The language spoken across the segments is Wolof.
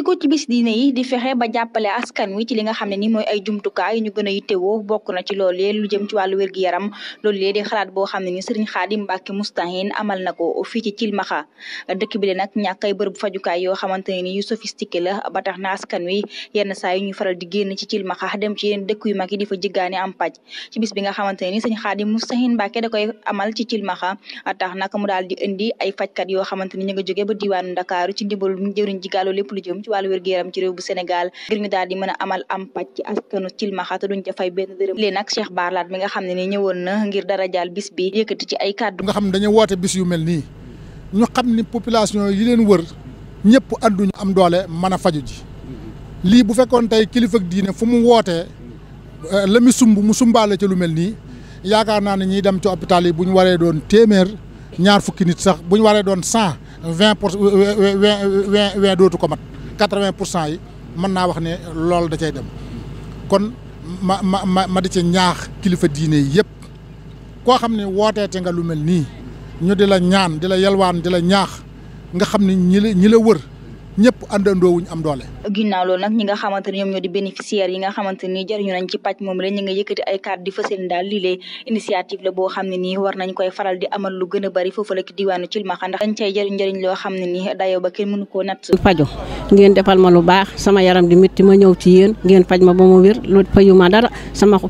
sukkandiku ci bis diine yi di fexe ba jàppale askan wi ci li nga xam ne ni mooy ay jumtukaay ñu gën a na ci loolee lu jëm ci wàllu ni amal ci Cilmaxa dëkk bi ni yu sophistiqué la ba tax na askan wi yenn saa yi ñuy faral di génn ci Cilmaxa dem ci yeneen dëkk yu yi di fa jiggaani am paj ci bis daal di indi ay fajkat yoo xamante ni ñu nga jóge ba diwaanu Ndakaaru ci ndimbalu jëriñ ji gàllu lépp lu jëm ci wàllu wér-gu-yaram ci réew bu Sénégal ngir ñu daal di mën a amal am paj ci askanu cilmaxa te duñ ca fay benn dërëm lii nag Cheikh Barlaat mi nga xam ne ni ñëwoon na ngir dara jaal bis bi ci ay kàddu nga xam woote bis yu mel nii ñu xam ni population yi leen wër ñëpp àdduñu am doole mën a faju ji lii bu fekkoon tey kilifa diine fu mu wootee euh, la mu sumb mu sumbaale ci lu mel nii yakaar naa ne ñiy dem ci hôpital yi bu ñu waree doon téeméer ñaar fukki nit sax bu ñu waree doon cent vingt pour euh, euh, vingt dootu ko mat quatre-vingt pour cent yi mën naa wax ne loolu da cay dem kon ma ma ma ma di ci ñaax kilifa diine yëpp koo xam ne wooteete nga lu mel nii ñu di la ñaan di la yelwaan di la ñaax nga xam ne ñi la ñi la wër ñëpp àndandoo wuñ am doole. ginnaaw loolu nag ñi nga xamante ne ñoom ñoo di bénéficiaires yi nga xamante ni jëriñu nañ ci pàcc moom la ñu nga yëkkati ay cadre di fësal daal lii lee initiative la boo xam ne nii war nañ koy faral di amal lu gën a bari foofu la ci diwaanu Cilmaxa ndax dañ loo xam ne nii dayoo ba kenn mënu koo natt. fajo ngeen defal ma lu baax sama yaram di métti ma ñëw ci yéen ngeen faj ma ba ma wér lu fayu ma dara sama fu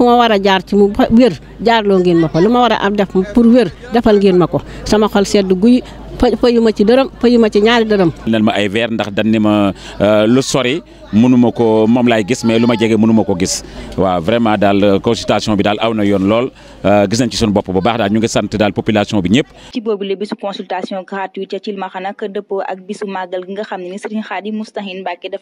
ma war a jaar ci mu wér jaarloo ngeen ma ko lu ma war a am def pour wér defal ngeen ma ko sama xol fayu ma ci dërëm fayu ma ci ñaari dërëm. nan ma ay verre ndax dan ne ma euh, lu sori mënuma ko moom laay gis mais lu ma jege mënuma ko gis waaw vraiment daal euh, consultation bi daal aw na yoon lool euh, gis na ci suñu bopp bu baax daal ñu ngi sant daal population bi ñëpp. ci boobu la bisu consultation gratuite ci Cilmaxa nag dëppoo ak bisu màggal gi nga xam ne ni Serigne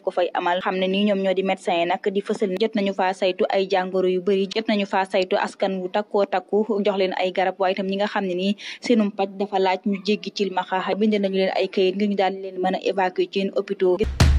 ko fay xam ne ñoom ñoo di médecin yi nag di fësal jot nañu faa saytu ay jàngoro yu bëri jot nañu faa saytu askan wu takkoo takku jox leen ay garab waaye itam ñi nga xam ne nii seenum paj dafa laaj ñu jéggi Cilmaxa bind nañu leen ay këyit ngir ñu daal leen mën a évacuer ci